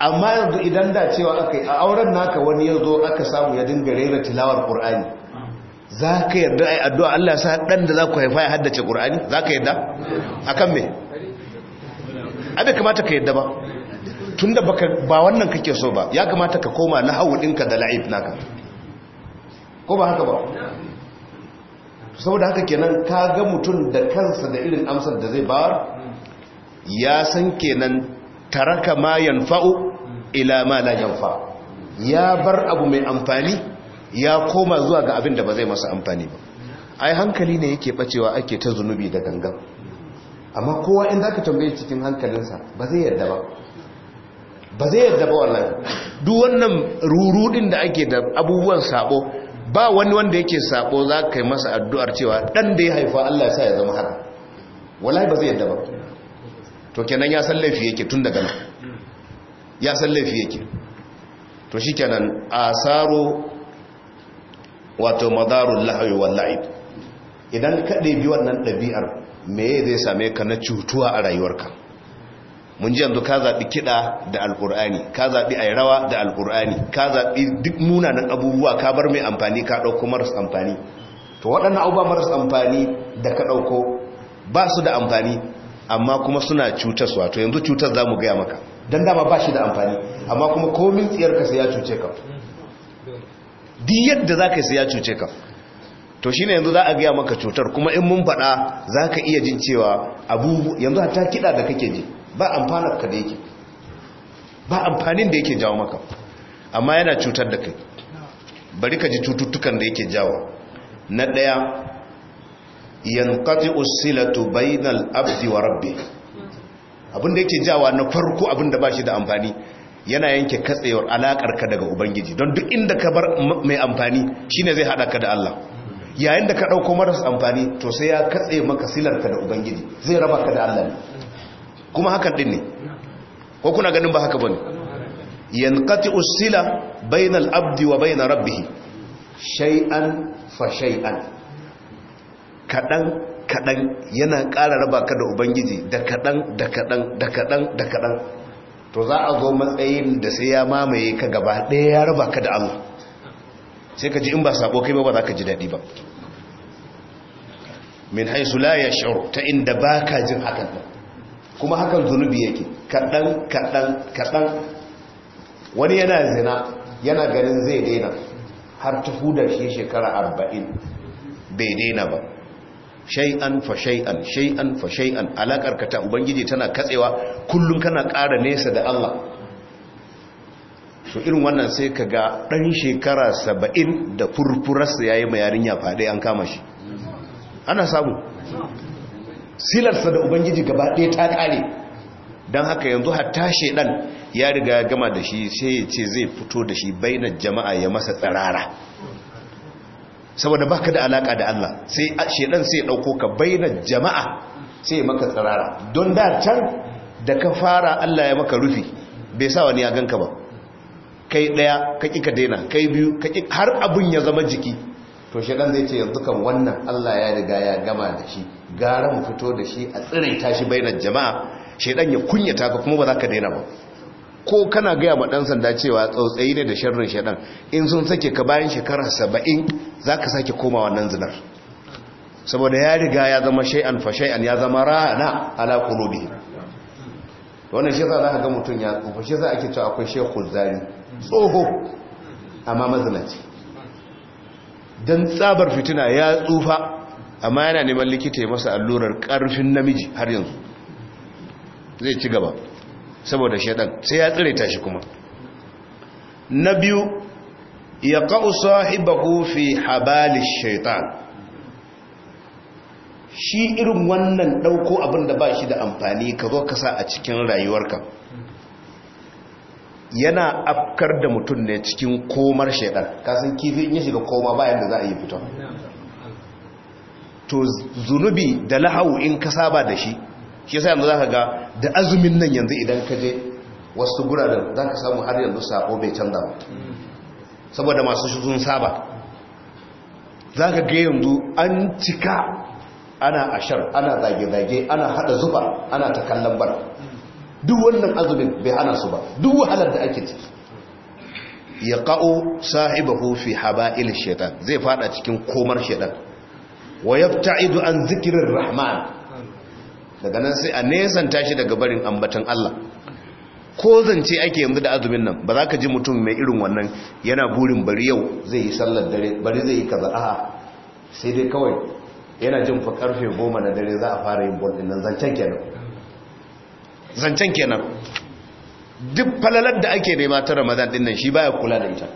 amma yanzu idan da cewa aka yi a auren naka wani ya zo aka samu ya dinga rera tilawar ƙur'ani za ka yarda a yi addu'a Allah sa ɗan da za ku haifa ya haddace ƙur'ani za ka yarda a kan me? abin kamata ka yarda ba tun da ba wannan kake so ba ya kamata ka koma na hau ɗinka da la'if naka ko ba haka ba saboda haka kenan ka ga mutum da kansa da irin amsar da zai bawar ya san kenan taraka ma yanfa'u ila ma la yanfa ya bar abu mai amfani ya koma zuwa ga abin da ba zai masa amfani ba ai hankali ne yake bacewa ake ta zunubi da gangan amma kowa in zaka tambaye cikin hankalinsa ba zai yarda ba ba zai yarda ba wannan. duk wannan rurudin da ake da abubuwan sabo ba wani wanda yake sabo za kai yi masa addu'ar cewa dan da ya haifa Allah ya sa ya zama haka wallahi ba zai yarda ba to kenan ya san laifi yake tun daga nan ya san laifi yake to shi kenan asaro wato madarun lahawi wallahi idan ka bi wannan ɗabi'ar me zai same ka na cutuwa a rayuwarka mun ji yanzu ka zaɓi kiɗa da alƙur'ani ka zaɓi a rawa da alƙur'ani ka zaɓi duk munanan abubuwa ka bar mai amfani ka ɗauko maras amfani to waɗannan abubuwa maras amfani da ka ɗauko ba su da amfani amma kuma suna cutar su wato yanzu cutar za mu gaya maka don dama ba shi da amfani amma kuma komin ka sai ya cuce ka di yadda za ka sai ya cuce ka to ne yanzu za a gaya maka cutar kuma in mun faɗa za ka iya jin cewa abubu yanzu hata kiɗa da kake ji ba amfanar ka da yake ba amfanin da yake jawo maka amma yana cutar da kai bari ka ji cututtukan da yake jawo na ɗaya usila usilatu bainal abdi wa rabbi abinda yake jawa na farko ba shi da amfani yana yanke katsewar alakar ka daga ubangiji don duk inda ka bar mai amfani ne zai hada ka da Allah yayin da ka dauko maras amfani to sai ya katse maka silar ka da ubangiji zai raba ka da Allah kuma hakan din ne ko kuna ganin ba haka bane yanqati usila bainal abdi wa bain rabbih shay'an fa shay'an kaɗan kaɗan yana ƙara raba ka da ubangiji da kaɗan da kaɗan da kaɗan da kaɗan to za a zo matsayin da sai ya mamaye ka gaba ɗaya ya raba ka da allah sai ka ji in ba sako kai ba ba za ka ji daɗi ba min haisu la ya shiru ta inda ba ka jin hakan kuma hakan zunubi yake kaɗan kaɗan kaɗan wani yana zina yana ganin zai daina har ta huda shi shekara arba'in bai daina ba shay'an fa shay'an shay'an fa shay'an alakar ka ta ubangiji tana katsewa kullum kana ƙara nesa da Allah so irin wannan sai ka ga ɗan shekara saba'in da furfurarsa ya yi ma yarinya faɗe an kama shi ana samu silarsa da ubangiji gaba ɗaya ta ƙare don haka yanzu hatta shaidan ya riga gama da shi sai ya ce zai fito da shi bainar jama'a ya masa tsarara. saboda ba ka da alaka da Allah sai shedan sai ɗauko ka bainar jama'a sai maka tsirara don da can da ka fara Allah ya maka rufi bai sa wani ya ganka ba kai daya ka ka daina kai biyu ka har abun ya zama jiki to shedan zai ce yanzu kan wannan Allah ya riga ya gama da shi gara mu fito da shi a tsiraita tashi bainar jama'a shedan ya kunyata ka kuma ba za ka daina ba ko kana gaya ma ɗan sanda cewa tsautsayi ne da sharrin shaɗan in sun sake ka bayan shekara saba'in za ka sake koma wannan zinar saboda ya riga ya zama shai'an fa shai'an ya zama rana ala kulubi wannan shi za ka ga mutum ya tsofa shi za a ke cewa akwai shekul zari tsoho amma mazinaci don tsabar fitina ya tsufa amma yana neman likita ya masa allurar karfin namiji har yanzu zai ci gaba saboda shaidan sai ya tsire ta shi kuma na biyu ya ƙa'u sahibahu fi habali shaitan shi irin wannan ɗauko abin da ba shi da amfani ka zo ka sa a cikin rayuwarka yana afkar da mutum ne cikin komar shaidan kasan kifi in ya shiga koma bayan da za a yi fito to zunubi da lahau in ka saba da shi shi yasa yanzu ka ga da azumin nan yanzu idan ka je wasu guraren ka samu har yanzu sako bai canza ba saboda masu sun saba Za ka ga yanzu an cika ana ashar ana zage-zage ana hada zuba ana ta kallon bar. duk wannan azumin bai hana su ba duk wahalar da ake ciki ya ka'o sahibahu fi haba'il shaitan zai fada cikin komar shaitan wa yabta'idu an zikirin rahman daga nan sai a nesanta shi daga barin ambatan Allah ko zance ake yanzu da azumin nan ba za ka ji mutum mai irin wannan yana burin bari yau zai yi sallar dare bari zai yi kaza a sai dai kawai yana jin fa karfe goma na dare za a fara yin bol nan zancen kenan zancen kenan duk falalar da ake nema ta ramadan din nan shi baya kula da ita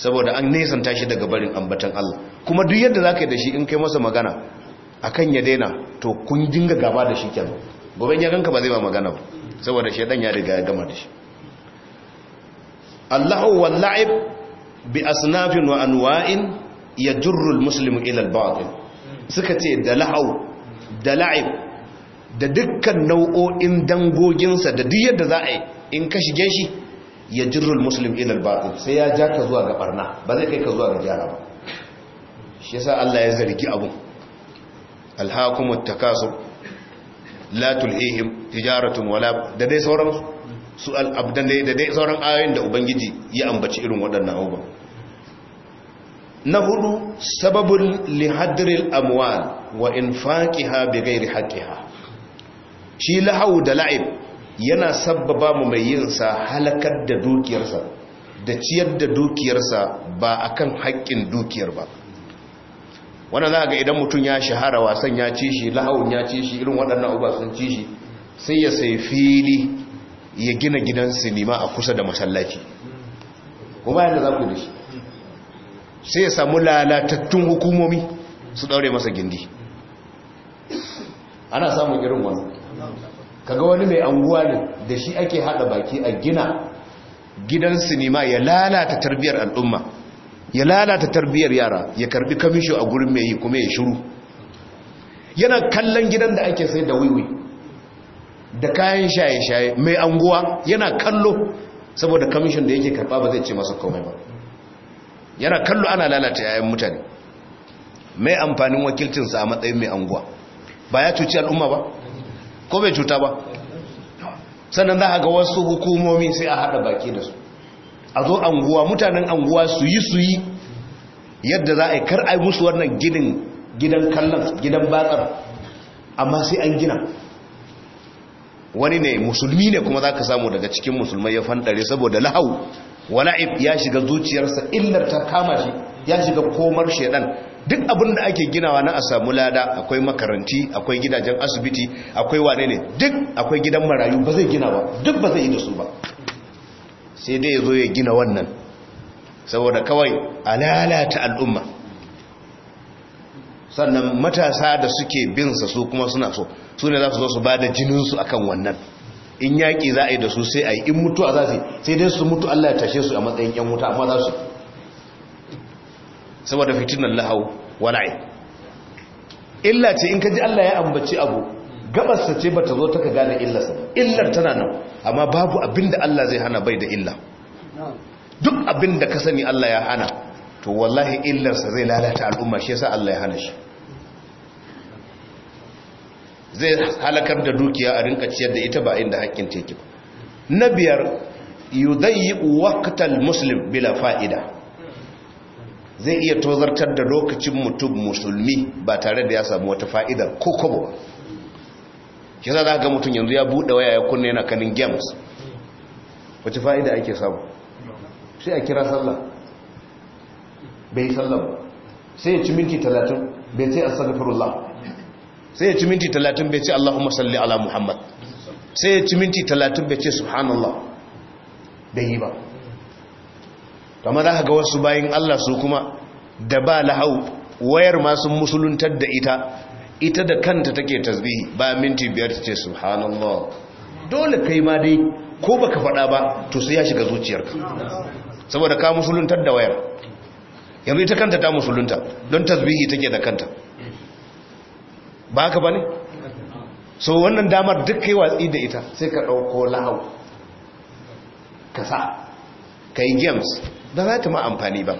saboda an nesanta shi daga barin ambatan Allah kuma duk yadda za ka yi da shi in kai masa magana akan ya daina to kun dinga gaba da shi kenan goben ya ganka ba zai ba magana ba saboda shedan ya riga ya gama da shi Allahu wal bi asnafin wa anwa'in yajurru al ila al suka ce da la'au da la'ib da dukkan nau'o'in dangoginsa da duk yadda za in ka shige shi ya jirrul muslim ilal sai ya ja ka zuwa ga barna ba zai kai ka zuwa ga gyara ba shi yasa Allah ya zargi abun alhakumut takasur la tulhihim tijaratun wala da dai sauran su al'abdan da dai sauran ayoyin da ubangiji ya ambaci irin waɗannan abubuwan na hudu sababin lihadiril amwal wa infaqiha bighairi shi lahau da la'ib yana sabbaba mu mai yin sa halakar da dukiyarsa da ciyar da dukiyarsa ba akan haƙƙin dukiyar ba wannan za ga idan mutum ya shahara wasan ya ci shi lahawun ya ci shi irin waɗannan uba sun ci shi sai ya sai fili ya gina gidan sinima a kusa da masallaci kuma yadda za ku da shi sai ya samu lalatattun hukumomi su ɗaure masa gindi ana samun irin wani kaga wani mai anguwa da shi ake haɗa baki a gina gidan sinima ya lalata tarbiyyar al'umma ya lalata tarbiyyar yara ya karbi kamisho a gurin mai yi kuma ya shiru yana kallon gidan da ake sai da wiwi da kayan shaye-shaye mai anguwa yana kallo saboda kamishin da yake karba ba zai ce masa komai ba yana kallo ana lalata yayan mutane mai amfanin wakilcinsa a matsayin mai anguwa ba ya cuci al'umma ba ko bai cuta ba sannan za a ga wasu hukumomi sai a haɗa baki da su a zo anguwa mutanen anguwa su yi su yi yadda za a kar a yi musu wannan gidan kallon gidan batsar amma sai an gina wani ne musulmi ne kuma za ka samu daga cikin musulmai ya fandare saboda lahau wala'ib ya shiga zuciyarsa illar ta kama shi ya shiga komar shedan duk abin da ake ginawa na a samu lada akwai makaranti akwai gidajen asibiti akwai wane ne duk akwai gidan marayu ba zai gina ba duk ba zai yi da su ba sai dai ya zo ya gina wannan saboda kawai a lalata al'umma sannan matasa da suke binsa su kuma suna so su ne za su zo su ba da jininsu a wannan in yaƙi za a yi da su sai a yi in a za su sai dai su mutu allah ya tashe su a matsayin yan wuta amma za su saboda fitinan lahau wala'i illa ce in ka ji allah ya ambaci abu gabarsa ce ba ta zo ta ka gane illarsa illar tana nan amma babu abin da Allah zai hana bai da illa duk abin da ka sani Allah ya hana to wallahi illarsa zai lalata al'umma shi yasa Allah ya hana shi zai halakar da dukiya a rinka ciyar da ita ba inda hakkin teki ba na biyar yi waqtal muslim bila fa'ida zai iya tozartar da lokacin mutum musulmi ba tare da ya samu wata fa'ida ko kobo ba shi za ga mutum yanzu ya buɗe waya ya kunna yana kanin games wace fa'ida ake samu sai a kira sallah bai sallah sai ya ci minti talatin bai ce astaghfirullah sai ya ci minti talatin bai ce allahumma salli ala muhammad sai ya ci minti talatin bai ce subhanallah bai yi ba kama za ga wasu bayan allah su kuma da ba lahau wayar masu musuluntar da ita ita da kanta take tasbihi ba minti biyar ta ce subhanallah dole kai ma dai ko baka faɗa ba to sai ya shiga zuciyarka saboda ka musuluntar da wayar yanzu ita kanta ta musulunta don tasbihi take da kanta ba haka ba so wannan damar duk kai watsi da ita sai ka ɗauko lahau ka sa ka games ba za ta ma amfani ba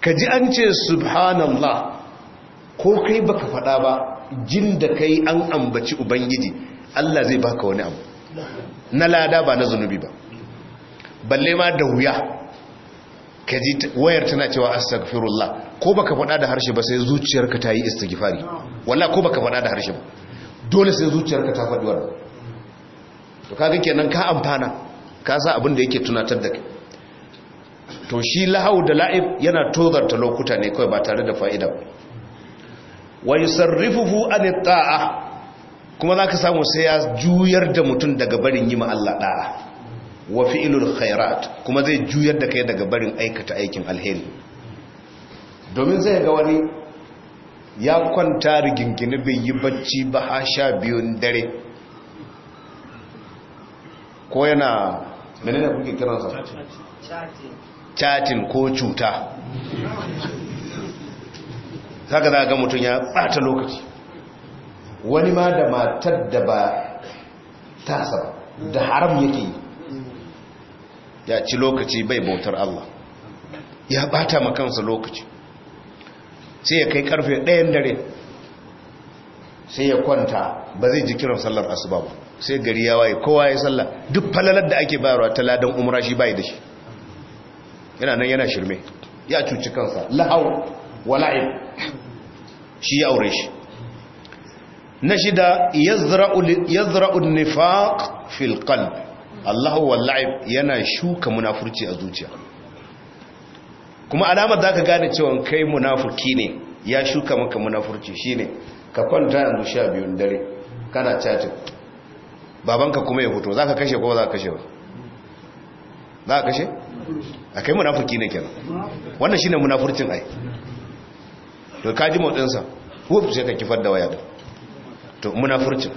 ka ji an ce subhanallah ko kai baka faɗa ba jin da kai an ambaci ubangiji Allah zai baka wani abu na lada ba na zunubi ba balle ma da wuya ka ji wayar tana cewa astaghfirullah ko baka faɗa da harshe ba sai zuciyarka ta yi istighfari wallahi ko baka faɗa da harshe ba dole sai zuciyarka ta faduwa wannan to kaga kenan ka amfana ka sa abin da yake tunatar da kai to shi lahau da la'ib yana tozarta lokuta ne kawai ba tare da fa'ida wa yusarrifuhu an ta'a kuma za ka samu sai ya juyar da mutum daga barin yi ma'alla wa fi'lul khairat kuma zai juyar da kai daga barin aikata aikin alheri domin zai ga wani ya kwanta rigingine bai yi bacci ba ha sha biyun dare ko yana menene kuke kiransa chatin ko cuta zaka za ga mutum ya bata lokaci wani ma da matar da ba tasa da haram yake yi ya ci lokaci bai bautar Allah ya bata kansa lokaci sai ya kai karfe ɗayan dare sai ya kwanta ba zai ji kiran sallar asuba ba sai gari ya waye kowa ya sallah duk falalar da ake bayarwa ta ladan umra shi bai da shi yana nan yana shirme ya cuci kansa lahau wala'ib shi ya aure shi na shida yazra'u nifaq fil qalb Allahu wala'ib yana shuka munafurci a zuciya kuma alamar ka gane cewa kai munafurki ne ya shuka maka munafurci shine ka kwanta yanzu sha biyun dare kana chatin babanka kuma ya za ka kashe kowa za ka kashe ba za ka kashe a kai munafurki ne kenan wannan shine munafurcin ai to kaji motsinsa wuf sai ka kifar da waya to muna furcin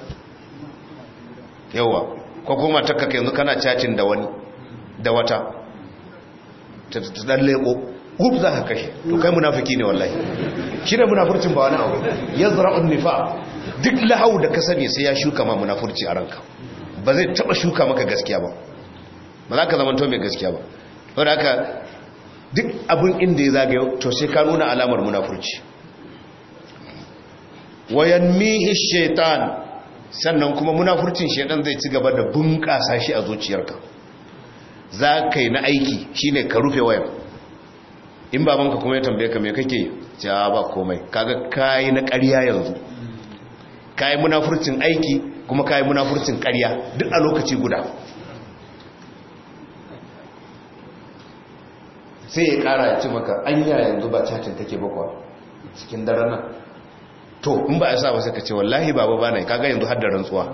yawa ko kuma takaka yanzu kana cacin da wani da wata ta dan lebo wuf za ka kashe to kai munafiki ne wallahi shi ne munafurcin ba wani abu yazra'un nifa duk lahau da ka sani sai ya shuka ma munafurci a ranka ba zai taba shuka maka gaskiya ba ba za ka zama to mai gaskiya ba saboda haka duk abin inda ya zagayo to sai ka nuna alamar munafurci wayan mihi shaitan sannan kuma munafurcin shaitan zai ci gaba da bunƙasa shi a zuciyarka za ka yi na aiki shi ne ka rufe wayan in ba babanka kuma ya tambaye ka mai kake cewa ba komai kaga kayi na ƙarya yanzu kayi munafurcin aiki kuma kayi munafurcin ƙarya duk a lokaci guda sai ya ƙara ya ci maka an yanzu ba cacin take bakwa cikin daren nan to in ba a sa ba sai ka ce wallahi baba bana kaga yanzu haddar rantsuwa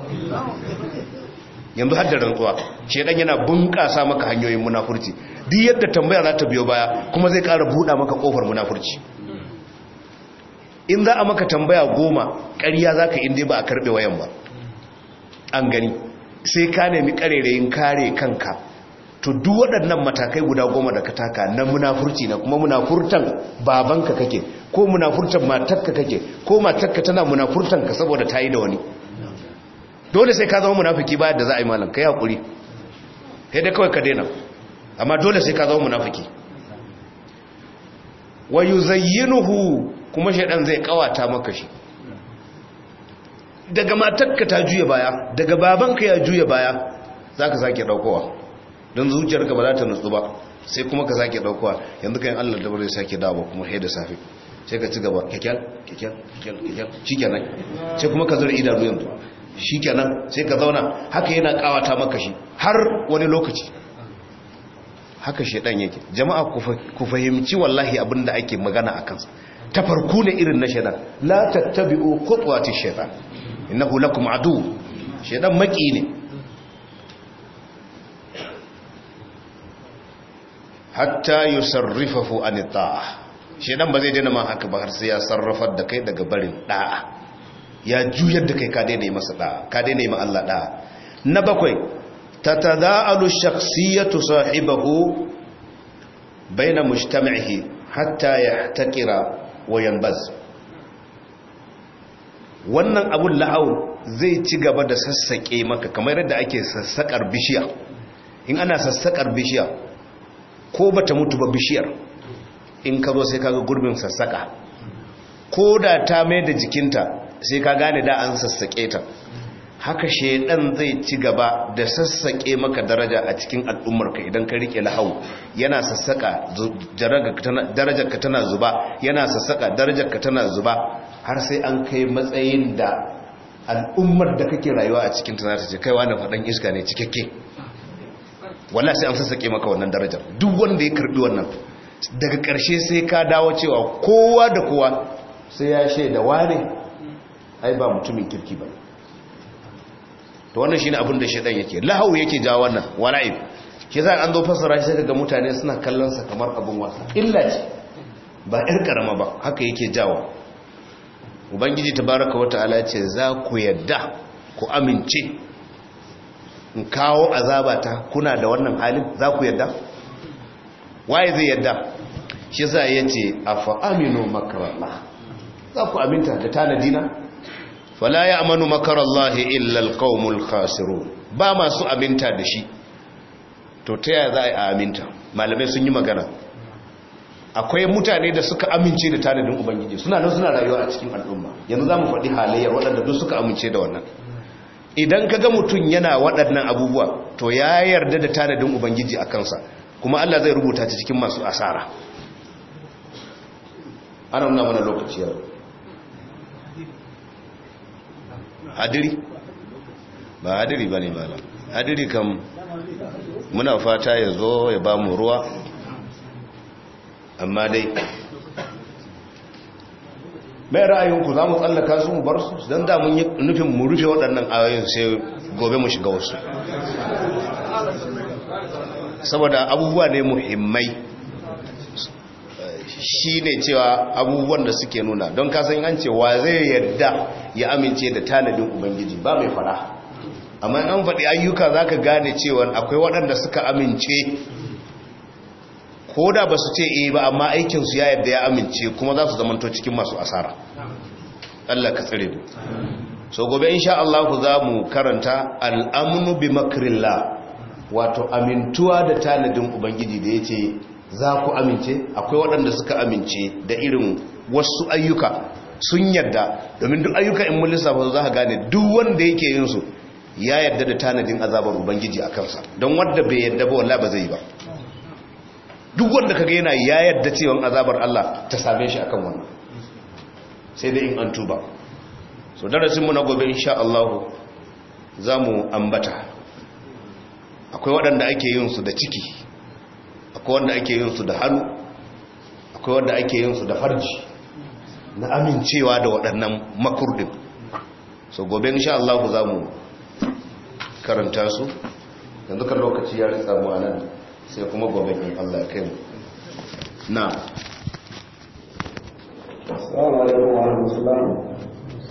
yanzu haddar rantsuwa shedan yana bunƙasa maka hanyoyin munafurci duk yadda tambaya za ta biyo baya kuma zai ƙara buɗa maka ƙofar munafurci in za a maka tambaya goma ƙarya za ka inda ba a karɓe wayan ba an gani sai ka nemi ƙarerayin kare kanka to duk waɗannan matakai guda goma da ka taka na munafurci na kuma munafurtan babanka kake ko munafurtan matarka kake ko matarka tana munafurtan ka saboda ta yi da wani dole sai ka zama munafiki ba yadda za a yi malam ka yi haƙuri kai da kawai ka daina amma dole sai ka zama munafiki wa nuhu kuma shaɗan zai kawata maka shi daga matarka ta juya baya daga babanka ya juya baya za ka sake ɗaukowa. don zuciyarka ba za ta nutsu ba sai kuma ka sake daukowa yanzu kayan allah da bari sake dawo kuma hai da safe sai ka ci gaba kyakyal kyakyal kyakyal shikenan sai kuma ka zura idanu yanzu shikenan sai ka zauna haka yana kawata maka shi har wani lokaci haka shaidan yake jama'a ku fahimci wallahi abinda ake magana a kansa ta farko ne irin na shaidan la tattabi'u khutuwati shaytan innahu lakum adu shaidan maki ne hatta yusarrifahu an ta'a shedan ba zai daina ma haka ba har sai ya sarrafar da kai daga barin da'a ya juyar da kai ka daina yi masa da'a ka daina yi ma Allah da'a na bakwai tatada'alu shakhsiyatu sahibahu baina mujtama'ihi hatta taƙira wa yanbaz wannan abun la'au zai ci gaba da sassaƙe maka kamar yadda ake sassakar bishiya in ana sassakar bishiya ko ba ta mutu ba bishiyar in ka zo sai kaga gurbin sassaka ko da ta mai da jikinta sai ka gane da an sassake ta haka shaidan zai ci gaba da sassaƙe maka daraja a cikin al'ummarka idan ka rike lahau yana sassaka darajarka tana zuba yana sassaka darajarka tana zuba har sai an kai matsayin da al'ummar da kake rayuwa a cikin tana ta ce kaiwa na faɗan iska ne cikakke Wala sai an sassake maka wannan darajar duk wanda ya karbi wannan daga karshe sai ka dawo cewa kowa da kowa sai ya shaida wane ai ba mutumin kirki ba to wannan shine abin da shedan yake lahau yake jawo wannan wala'i ke za an zo fassara shi sai mutane suna kallon sa kamar abin wasa illa ce ba yar karama ba haka yake jawo ubangiji tabaraka wataala ce za ku yadda ku amince in kawo azaba ta kuna da wannan halin za ku yadda waye zai yadda shi yi yace afa aminu makarallah za ku aminta da tanadina fala ya amanu makarallahi illal alqaumul khasiru ba masu aminta da shi to ta yaya za a aminta malamai sun yi magana akwai mutane da suka amince da tanadin ubangiji suna nan suna rayuwa a cikin al'umma yanzu za mu faɗi halayyar waɗanda duk suka amince da wannan idan ka ga mutum yana waɗannan abubuwa to ya yarda da tanadin ubangiji a kansa kuma Allah zai rubuta ta cikin masu asara ana nuna mana lokaci yau hadiri ba hadiri ba ne hadiri kam muna fata ya zo ya ba mu ruwa amma dai mai ra'ayinku za mu tsallaka su mu bar su don da yi nufin mu rufe waɗannan ayoyin sai gobe mu shiga wasu saboda abubuwa ne muhimmai shi ne cewa abubuwan da suke nuna don kasan an ce wa zai yadda ya amince da tanadin ubangiji ba mai fara amma an faɗi ayyuka za ka gane cewa akwai waɗanda suka amince ko da ba su ce eh ba amma aikinsu ya yadda ya amince kuma za su zamanto cikin masu asara Allah ka tsire mu so gobe insha Allah ku za mu karanta al'amnu bi makrilla wato amintuwa da tanadin ubangiji da yace za ku amince akwai waɗanda suka amince da irin wasu ayyuka sun yadda domin duk ayyuka in mun lissafa za ka gane duk wanda yake yin su ya yadda da tanadin azabar ubangiji a kansa don wanda bai yadda ba wallahi ba zai yi ba duk wanda ka yana ya yarda cewa azabar Allah ta same shi akan wannan sai dai in an tuba so darasin mu na gobe insha Allah zamu ambata akwai waɗanda ake yin su da ciki akwai wanda ake yin su da hannu akwai wanda ake yin su da farji na amincewa da waɗannan makurdin so gobe insha Allah zamu karanta su yanzu kan lokaci ya ritsa mu anan sai kuma gobe in Allah kai mu na assalamu